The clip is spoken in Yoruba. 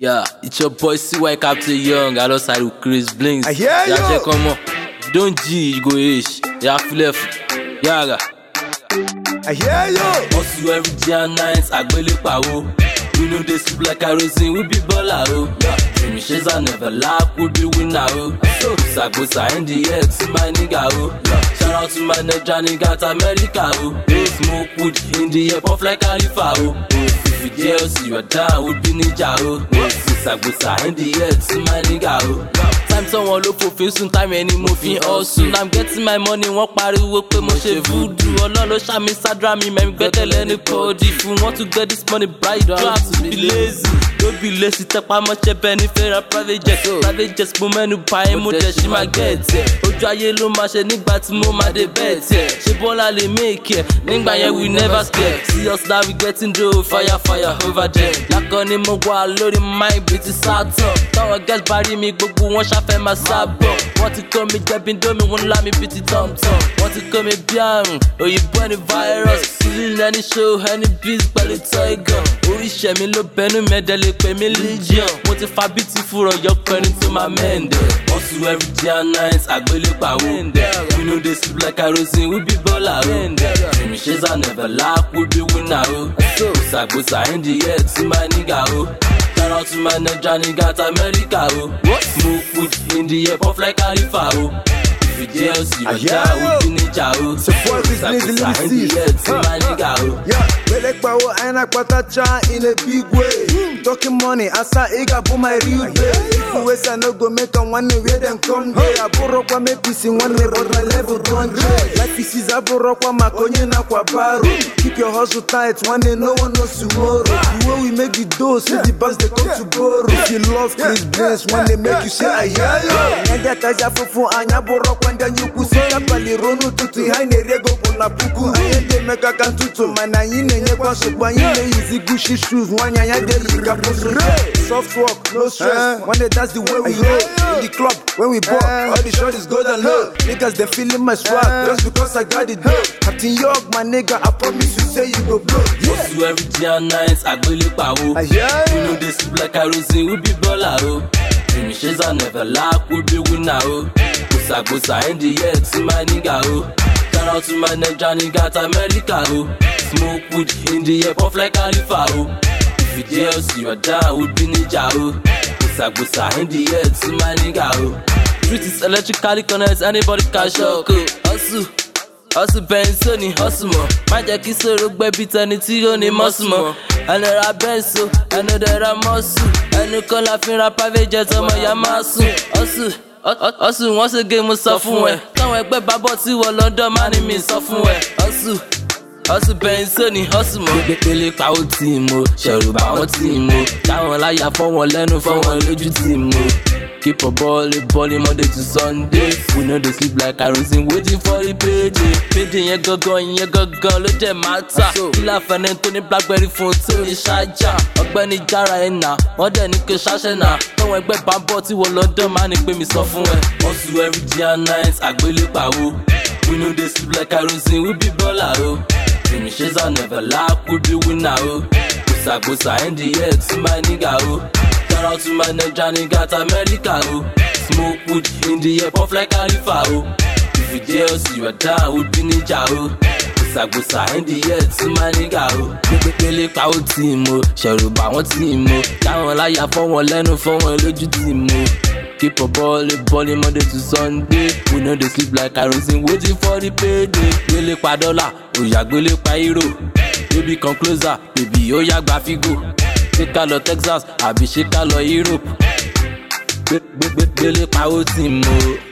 Yeah, it's your boy CY Captain Young alongside with Chris Blinks. I hear you. Yeah, check on you don't G, you go ish. Yeah, it. Yeah, I hear you. Hustle every day and night, agbele power. We know they sleep like kerosene, we be baller oh. Yeah, finishes are never lack, we be winner oh. So Sagosa sign the X, to my nigga oh. Yeah. Shout out to my nigga, nigga, America oh. smoke wood in the air, puff like Khalifa oh. If you jealous, you are down, would be ninja, oh. Sister, go, sir, a handy air, see my nigga, time tọ́wọn ló fòfin sùn time ẹni mo fi hàn sùn i'm getting my money wọ́n pariwo pé mo ṣe voodoo ọlọ́run ló ṣàmì sádúrà mi mẹ́rin gbẹ́tẹ̀lẹ́ ní kọ́ọ̀dì if you want to get this money bright you have to be lazy no be lazy tẹpá mọ́ṣẹ́ bẹ́ẹ̀ ní fẹ́ràn private jet private jet mo mẹ́nu bà ẹ́ mo dẹ̀ ṣì máa gẹ̀ẹ́tì ẹ̀ ojú ayé ló máa ṣe nígbà tí mo máa dé bẹ́ẹ̀tì ẹ̀ ṣé bọ́lá lè make ẹ̀ nígbà yẹn we never scare see us now we getting dough fire fire over there lákọ ni mo wà lórí mind bí ti sáà tán táwọn gẹ́t bá rí mi gbogbo wọn fẹ́ máa sábọ̀ wọ́n ti kọ́ mi jẹ̀bi domi wọn lá mi bíi ti tọ̀mtọ̀m wọ́n ti kọ́ mi bí àrùn òyìnbó ẹni virus sílẹ̀ ẹni show ẹni biz pẹ̀lú toy gun oríṣẹ́ mi ló bẹnu mẹ́dẹ̀ lè pè mí legion mo ti fa bíi ti fúrọ̀ yọ pẹ̀rin tó máa mẹ́ndẹ̀ wọ́n tu every day and night àgbélépà wúndẹ̀ we no dey sleep like kerosene we be baller wúndẹ̀ ìrìnsẹ́sà never lack we be winner o gbòsàgbòsà in the air tí máa nígà o. Shout out to my Johnny got America o. Mo put in the airport fly Khalifa o. Fidelsi, Raja, Udinija Support Yeah, in a big way. Talking money, Asa Iga, bu my real way. If you I go make one way, then come here. in one way, but my level Life is baru. Hmm. Keep your hustle tight, one day no one knows tomorrow. The way we make the dough, see the bands they come to borrow. If you love Chris Bless, when they make you say ayayo. Nyanja taja fufu anya borok, when then you kusona pali ronu tutu hai nerego na puku anyị ga-emegaka ntutu mana anyị na-enyekwa nsogbu anyị na-eyizi shoes nwanyị anya ga-eyi soft walk, no stress one day that's the way we roll in the club when we ball all the is good and low niggas they feeling my swag just because I got it dope Captain York my nigga I promise you say you go blow yeah. you every day and night agbelepa o oh. You know dey sleep like kerosene we be baller o. Oh. Finishes I never lack, we be winner, oh. Gosa, gosa, in the air, to my nigga, oh. Shout out to my ninja got America ho. Oh. Smoke wood in the air, puff like Khalifa ho. Oh. If it jealous, you are down with the ninja ho. Oh. Gusa gusa in the air to my nigga ho. Street is electrically connected, anybody can shock ho. Hustle. Hustle Benzo ni hustle mọ̀. Má jẹ́ kí sòrò gbẹ bí tẹni tí ó I mọ́sùn mọ̀. Ẹnu ra Benzo, ẹnu dẹ̀ ra mọ́sùn. Ẹnu kan la fi ra private jet ọmọ ìyá máa sùn. Hustle ọ̀sùn wọ́n ṣe géèmù sọ fún ẹ. táwọn ẹgbẹ́ bá bọ̀ tí wọ́n lọ́dọ̀ má ní mi sọ fún ẹ. ọ̀sùn hustle bẹ́ńsẹ̀ ni hustle mọ́. pépépélé pa ó tì í mo ṣẹ̀rù wọn tì í mo táwọn láyà fọ́ lẹ́nu fọ́ lójú tì í mo. Keep a ballin', ballin' Monday to Sunday. We know they sleep like kerosene, waiting for the payday. Payday yẹn gangan, yẹn gangan ló jẹ́ mata. Kílà fẹ́ni tó ní blackberry phone tí ò ní ṣáájà. Ọ̀gbẹ́ni jára ẹ̀ nà, wọ́n dẹ̀ ní kí ṣáṣẹ̀ nà. Tọ́wọ́n ẹgbẹ́ bá ń bọ̀ tí wọ́n lọ́dọ̀ máa ní pé mi sọ fún ẹ. Hustle every day and night, àgbélépàwò. We know they sleep like kerosene, we be baller o. Oh. finishes I never lack would be winner. Oh. Gusa gusa NDX, my nigga. Oh. Shout out to my Ninja Got America. Oh. Smoke wood in the air, puff like Khalifa. Oh. If you dare, see you a die. would be ninja. Oh. gbòsàgbòsà ndl tí máa ní gàrú pépépélé pa ó tì mo ṣẹ̀rù bà wọ́n tì mo táwọn láyà fọ́ wọn lẹ́nu fọ́ wọn lójú tì mo keep a ball a ball in monday to sunday we no dey sleep like kerosene waiting for the payday gbélé pa dọ́là òyà gbélé pa euro baby come closer baby ó yá gba figo ṣé ká lọ texas àbí ṣé ká lọ europe gbégbégbélé pa ó tì mo.